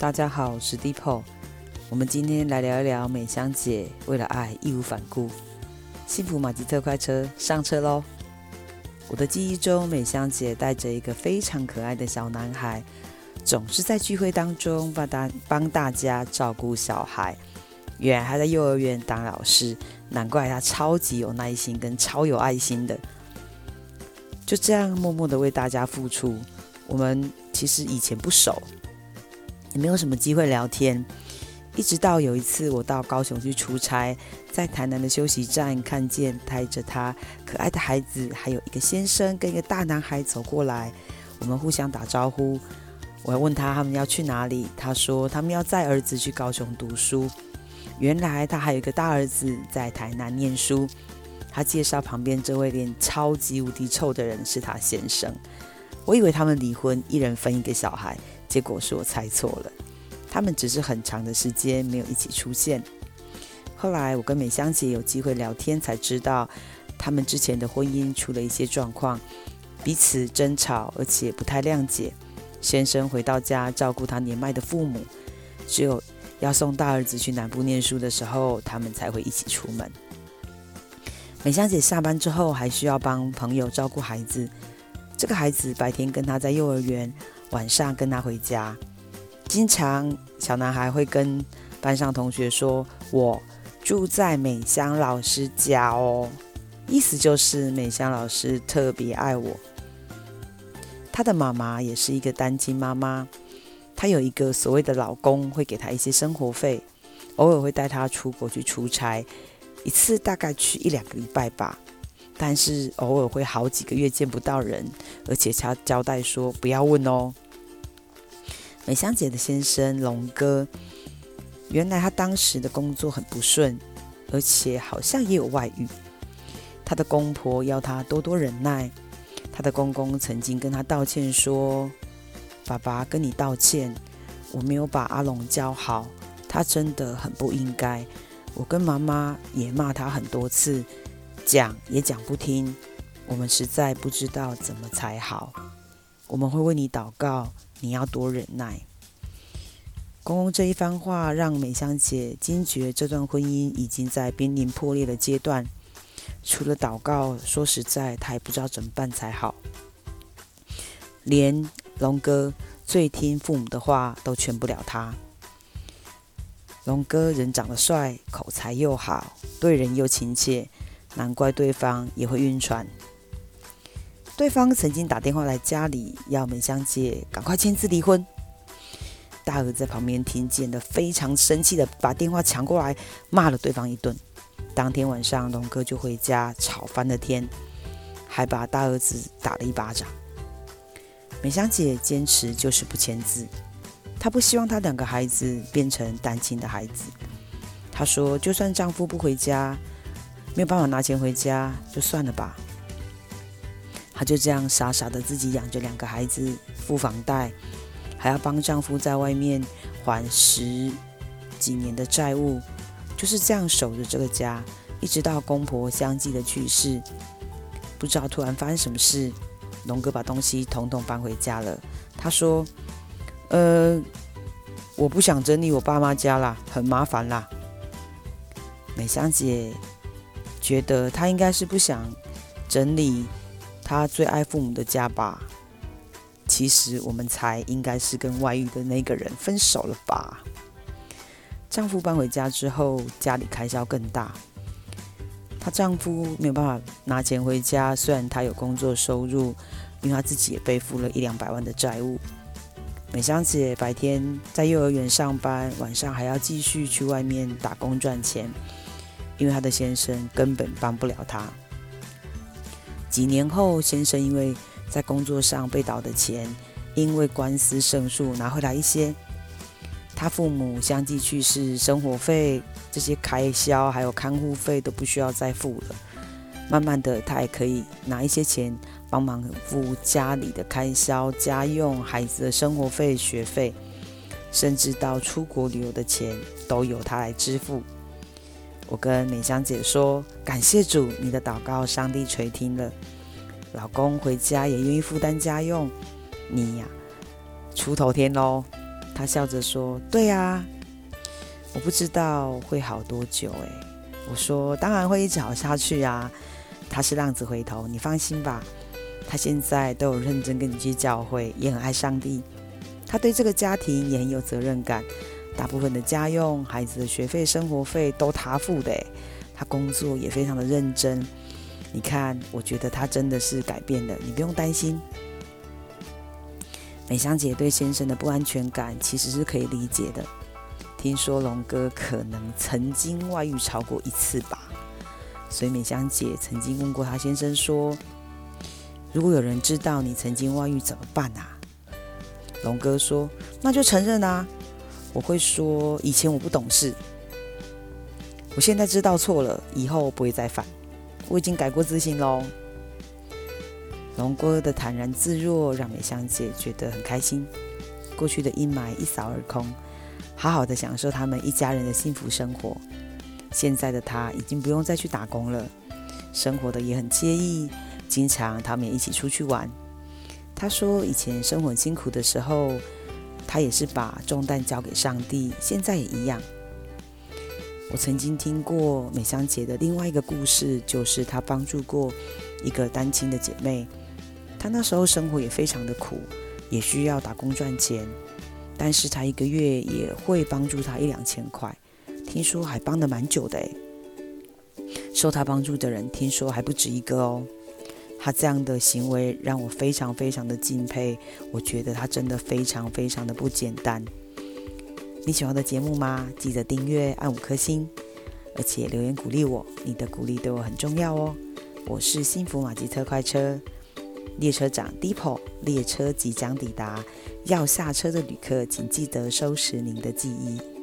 大家好，我是 Deepo，我們今天來聊一聊美香姐為了愛義無反顧，幸福馬吉特快車上車嘍！我的記憶中，美香姐帶着一個非常可愛的小男孩，總是在聚會當中幫大幫大家照顧小孩。原來還在幼兒園當老師，難怪她超級有耐心跟超有愛心的，就這樣默默的為大家付出。我們其實以前不熟。也沒有什麼機會聊天，一直到有一次我到高雄去出差，在台南的休息站看見帶着他可愛的孩子，還有一個先生跟一個大男孩走過來，我們互相打招呼。我問他他們要去哪裡？他說他們要帶兒子去高雄讀書。原來他還有一個大兒子在台南念書，他介紹旁邊這位臉超級無敵臭的人是他先生。我以為他們離婚，一人分一個小孩。結果是我猜錯了，他們只是很長的時間沒有一起出現後來我跟美香姐有機會聊天，才知道他們之前的婚姻出了一些狀況，彼此爭吵，而且不太諒解。先生回到家照顧他年邁的父母，只有要送大兒子去南部念書的時候，他們才會一起出門。美香姐下班之後還需要幫朋友照顧孩子，這個孩子白天跟他在幼兒園。晚上跟他回家，經常小男孩會跟班上同學說：“我住在美香老師家哦。”意思就是美香老師特別愛我。她的媽媽也是一個單親媽媽，她有一個所謂的老公，會給她一些生活費，偶爾會帶她出國去出差，一次大概去一兩個禮拜吧。但是偶爾會好幾個月見不到人，而且他交代說不要問哦。美香姐的先生龍哥，原來他當時的工作很不順，而且好像也有外遇。他的公婆要他多多忍耐，他的公公曾經跟他道歉說：“爸爸跟你道歉，我沒有把阿龍教好，他真的很不應該。我跟媽媽也罵他很多次。”講也講不聽，我們實在不知道怎麼才好。我們會為你禱告，你要多忍耐。公公這一番話讓美香姐驚覺，這段婚姻已經在瀕臨破裂的階段。除了禱告，說實在，她也不知道怎麼辦才好。連龍哥最聽父母的話，都勸不了她。龍哥人長得帥，口才又好，對人又親切。難怪對方也會暈船。對方曾經打電話來家裡要美香姐趕快簽字離婚。大兒子在旁邊聽見的，非常生氣的把電話搶過來罵了對方一頓。當天晚上龍哥就回家吵翻了天，還把大兒子打了一巴掌。美香姐堅持就是不簽字，她不希望她兩個孩子變成單親的孩子。她說就算丈夫不回家。沒有辦法拿錢回家，就算了吧。她就這樣傻傻的自己養着兩個孩子，付房貸，還要幫丈夫在外面還十幾年的債務，就是這樣守着這個家，一直到公婆相繼的去世。不知道突然發生什麼事，龍哥把東西統統搬回家了。他說：“呃，我不想整理我爸媽家啦，很麻煩啦。”美香姐。覺得她應該是不想整理她最愛父母的家吧？其實我們才應該是跟外遇的那個人分手了吧？丈夫搬回家之後，家裡開銷更大。她丈夫沒有辦法拿錢回家，雖然他有工作收入，因為他自己也背負了一兩百萬的債務。美香姐白天在幼兒園上班，晚上還要繼續去外面打工賺錢。因為她的先生根本幫不了她。幾年後，先生因為在工作上被倒的錢，因為官司勝訴拿回來一些，他父母相繼去世，生活費這些開銷還有看護費都不需要再付了。慢慢的，他也可以拿一些錢幫忙付家裡的開銷、家用、孩子的生活費、學費，甚至到出國旅遊的錢都由他來支付。我跟美香姐說：“感謝主，你的禱告，上帝垂聽了。老公回家也願意負擔家用，你呀，出頭天嘍。”她笑着說：“對啊，我不知道會好多久誒。”我說：“當然會一直好下去啊，他是浪子回頭，你放心吧。他現在都有認真跟你去教會，也很愛上帝，他對這個家庭也很有責任感。”大部分的家用、孩子的學費、生活費都他付的，他工作也非常的認真。你看，我覺得他真的是改變的，你不用擔心。美香姐對先生的不安全感其實是可以理解的。聽說龍哥可能曾經外遇超過一次吧，所以美香姐曾經問過他先生說：“如果有人知道你曾經外遇怎麼辦啊？”龍哥說：“那就承認啊。”我會說，以前我不懂事，我現在知道錯了，以後不會再犯，我已經改過自新嘍。龍哥的坦然自若讓美香姐覺得很開心，過去的陰霾一掃而空，好好的享受他們一家人的幸福生活。現在的他已經不用再去打工了，生活的也很愜意，經常他們一起出去玩。他說以前生活很辛苦的時候。他也是把重擔交給上帝，現在也一樣。我曾經聽過美香姐的另外一個故事，就是她幫助過一個單親的姐妹，她那時候生活也非常的苦，也需要打工賺錢，但是她一個月也會幫助她一兩千塊，聽說還幫得蠻久的誒，受她幫助的人，聽說還不止一個哦。他這樣的行為讓我非常非常的敬佩，我覺得他真的非常非常的不簡單。你喜歡的節目嗎？記得訂閱、按五顆星，而且留言鼓勵我，你的鼓勵對我很重要哦。我是幸福馬吉特快車列車長 Depot 列車即將抵達，要下車的旅客請記得收拾您的記憶。